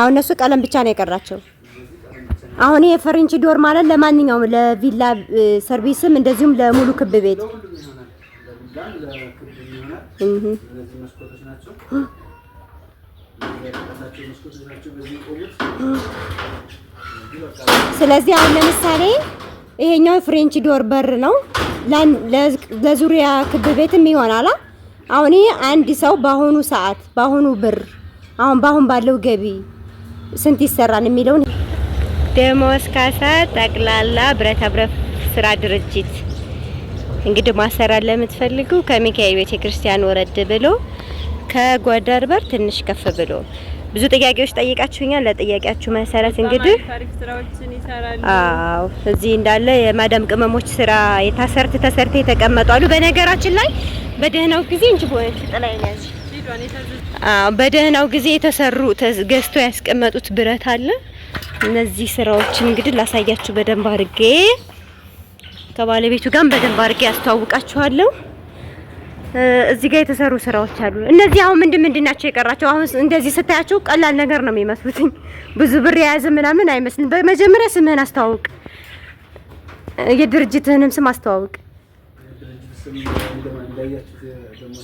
አሁን እነሱ ቀለም ብቻ ነው የቀራቸው። አሁን ይሄ ፈረንች ዶር ማለት ለማንኛውም ለቪላ ሰርቪስም እንደዚሁም ለሙሉ ክብ ቤት ስለዚህ አሁን ለምሳሌ ይሄኛው ፍሬንች ዶር በር ነው። ለዙሪያ ክብ ቤትም ይሆናል። አሁን አንድ ሰው በአሁኑ ሰዓት በአሁኑ ብር አሁን በአሁን ባለው ገቢ ስንት ይሰራል የሚለውን ደሞዝ ካሳ ጠቅላላ ብረታብረት ስራ ድርጅት እንግዲህ ማሰራት ለምትፈልጉ ከሚካኤል ቤተክርስቲያን ወረድ ብሎ ከጎደር በር ትንሽ ከፍ ብሎ ብዙ ጥያቄዎች ጠይቃችሁኛል። ለጥያቄያችሁ መሰረት እንግዲህ አዎ እዚህ እንዳለ የማዳም ቅመሞች ስራ የታሰርት ተሰርተ የተቀመጡ አሉ። በነገራችን ላይ በደህናው ጊዜ እንጂ ቦይ ጥላይነሽ በደህናው ጊዜ የተሰሩ ገዝቶ ያስቀመጡት ብረት አለ። እነዚህ ስራዎችን እንግዲህ ላሳያችሁ በደንብ አድርጌ ከባለቤቱ ጋር በደንብ አድርጌ ያስተዋውቃችኋለሁ። እዚህ ጋር የተሰሩ ስራዎች አሉ። እነዚህ አሁን ምንድን ምንድን ናቸው የቀራቸው? አሁን እንደዚህ ስታያቸው ቀላል ነገር ነው የሚመስሉትኝ። ብዙ ብር የያዘ ምናምን አይመስልም። በመጀመሪያ ስምህን አስተዋውቅ፣ የድርጅትህንም ስም አስተዋውቅ።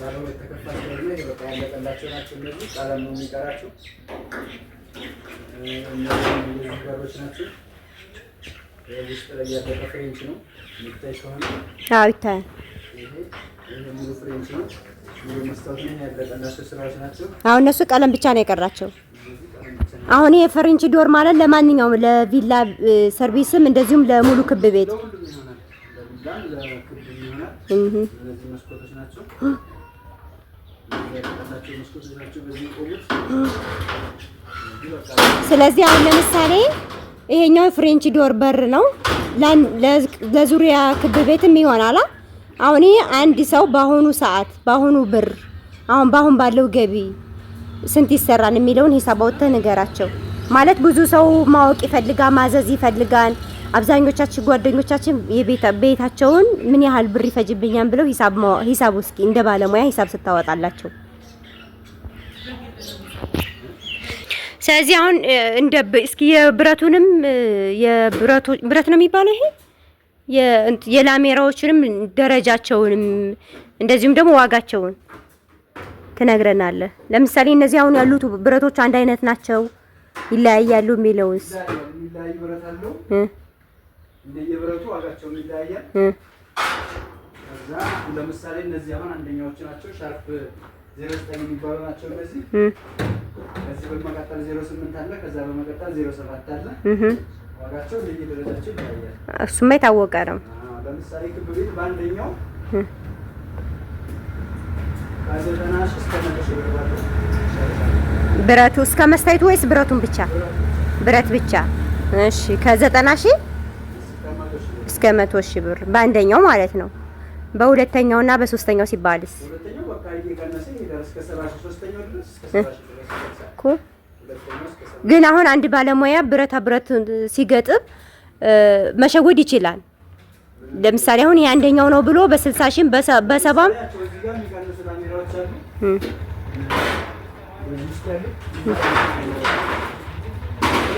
ባለሁለት በቃ ያለቀላቸው ናቸው። እነዚህ ቀለም ነው የሚቀራቸው። እነዚህ በሮች ናቸው። ውስጥ ላይ ያለቀ ፍሬንች ነው የሚታይ ከሆነ ይታያል። ይሄ ሙሉ ፍሬንች ነው። ሙሉ መስታወት ነው። ያለቀላቸው ስራዎች ናቸው። አሁን እነሱ ቀለም ብቻ ነው የቀራቸው። አሁን ይሄ ፍሬንች ዶር ማለት ለማንኛውም ለቪላ ሰርቪስም እንደዚሁም ለሙሉ ክብ ቤት ስለዚህ አሁን ለምሳሌ ይሄኛው ፍሬንች ዶር በር ነው። ለዙሪያ ክብ ቤትም ይሆናል። አሁን ይሄ አንድ ሰው በአሁኑ ሰዓት በአሁኑ ብር አሁን በአሁን ባለው ገቢ ስንት ይሰራል የሚለውን ሂሳብ አውጥተህ ንገራቸው። ማለት ብዙ ሰው ማወቅ ይፈልጋል፣ ማዘዝ ይፈልጋል። አብዛኞቻችን ጓደኞቻችን ቤታቸውን ምን ያህል ብር ይፈጅብኛል ብለው ሂሳብ ሂሳብ እስኪ እንደ ባለሙያ ሂሳብ ስታወጣላቸው ስለዚህ አሁን እንደ እስኪ የብረቱንም የብረቱ ብረት ነው የሚባለው ይሄ የላሜራዎችንም ደረጃቸውንም እንደዚሁም ደግሞ ዋጋቸውን ትነግረናለህ። ለምሳሌ እነዚህ አሁን ያሉት ብረቶች አንድ አይነት ናቸው፣ ይለያያሉ የሚለውስ እንደየብረቱ ዋጋቸውም ይለያያል። ከዛ ለምሳሌ እነዚህ አሁን አንደኛዎቹ ናቸው። ሻርፕ ዜሮ ዘጠኝ የሚባሉ ናቸው እነዚህ። ከዚህ በመቀጠል ዜሮ ስምንት አለ። ከዛ በመቀጠል ዜሮ ሰባት አለ። ዋጋቸው ይለያያል። እሱማ የታወቀ ነው። ለምሳሌ ክብ ቤት በአንደኛው ከዘጠና ሺህ እስከ መቶ ሺህ ብር ባለው ብረቱ እስከ መስታየቱ ወይስ ብረቱን ብቻ? ብረት ብቻ። እሺ ከዘጠና ሺህ እስከ 100 ሺህ ብር በአንደኛው ማለት ነው። በሁለተኛው እና በሶስተኛው ሲባልስ ግን አሁን አንድ ባለሙያ ብረታ ብረት ሲገጥም መሸወድ ይችላል። ለምሳሌ አሁን የአንደኛው ነው ብሎ በስልሳ ሺህ በሰባም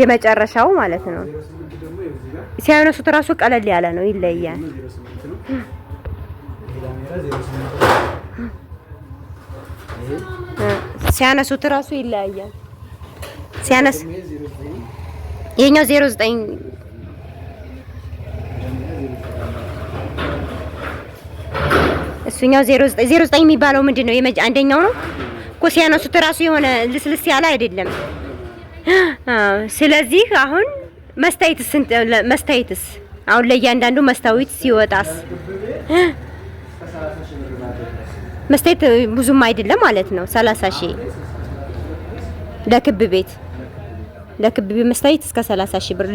የመጨረሻው ማለት ነው። ሲያነሱት እራሱ ቀለል ያለ ነው፣ ይለያል። ሲያነሱት እራሱ ይለያያል። ሲያነስ የኛው 09 እሱኛው 09 የሚባለው ምንድን ነው? አንደኛው ነው እኮ ሲያነሱት እራሱ የሆነ ልስልስ ያለ አይደለም። ስለዚህ አሁን መስታይትስ መስታይትስ አሁን ለእያንዳንዱ መስታወት ሲወጣስ መስታየት ብዙም አይደለም ማለት ነው። 30 ሺህ ለክብ ቤት ለክብ ቤት መስታየት እስከ 30 ሺህ ብር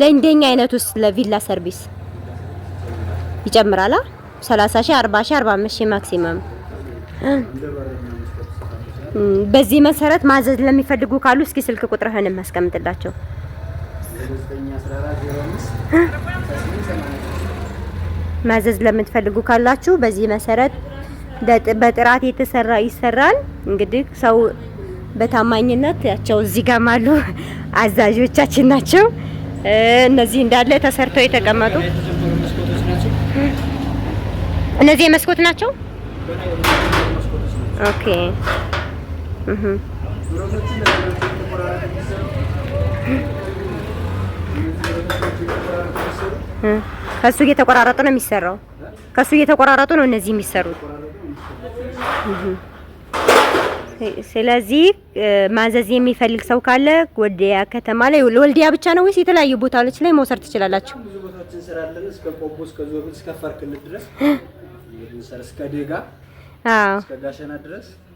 ለእንደኛ አይነት ውስጥ ለቪላ ሰርቪስ ይጨምራላ 30 ሺህ 40 ሺህ 45 ሺህ ማክሲመም በዚህ መሰረት ማዘዝ ለሚፈልጉ ካሉ እስኪ ስልክ ቁጥርህን ማስቀምጥላቸው ማዘዝ ለምትፈልጉ ካላችሁ በዚህ መሰረት በጥራት የተሰራ ይሰራል። እንግዲህ ሰው በታማኝነት ያቸው እዚህ ጋር ማሉ አዛዦቻችን ናቸው። እነዚህ እንዳለ ተሰርተው የተቀመጡ እነዚህ የመስኮት ናቸው። ኦኬ ከሱ እየተቆራረጡ ነው የሚሰራው። ከሱ እየተቆራረጡ ነው እነዚህ የሚሰሩት። ስለዚህ ማዘዝ የሚፈልግ ሰው ካለ ወልዲያ ከተማ ላይ ወልዲያ ብቻ ነው ወይስ የተለያዩ ቦታዎች ላይ መውሰድ ትችላላችሁ?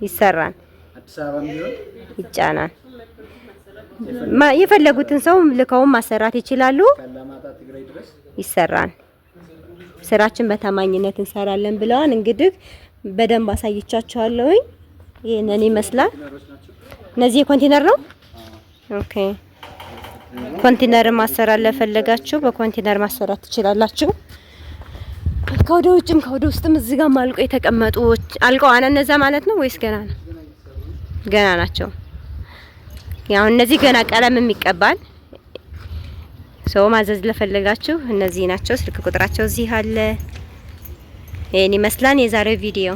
ይሰራል። ይጫናል። የፈለጉትን ሰው ልከውም ማሰራት ይችላሉ። ይሰራል። ስራችን በታማኝነት እንሰራለን ብለዋል። እንግዲህ በደንብ አሳይቻችኋለሁኝ። ይህንን ይመስላል። እነዚህ የኮንቲነር ነው። ኦኬ ኮንቲነር ማሰራት ለፈለጋችሁ በኮንቲነር ማሰራት ትችላላችሁ። ከወደ ውጭም ከወደ ውስጥም እዚህ ጋር አልቆ የተቀመጡ አልቀዋና እነዛ ማለት ነው ወይስ ገና ነው? ገና ናቸው። ያው እነዚህ ገና ቀለም የሚቀባል ሰው ማዘዝ ለፈለጋችሁ እነዚህ ናቸው። ስልክ ቁጥራቸው እዚህ አለ። ይሄን ይመስላል የዛሬው ቪዲዮ።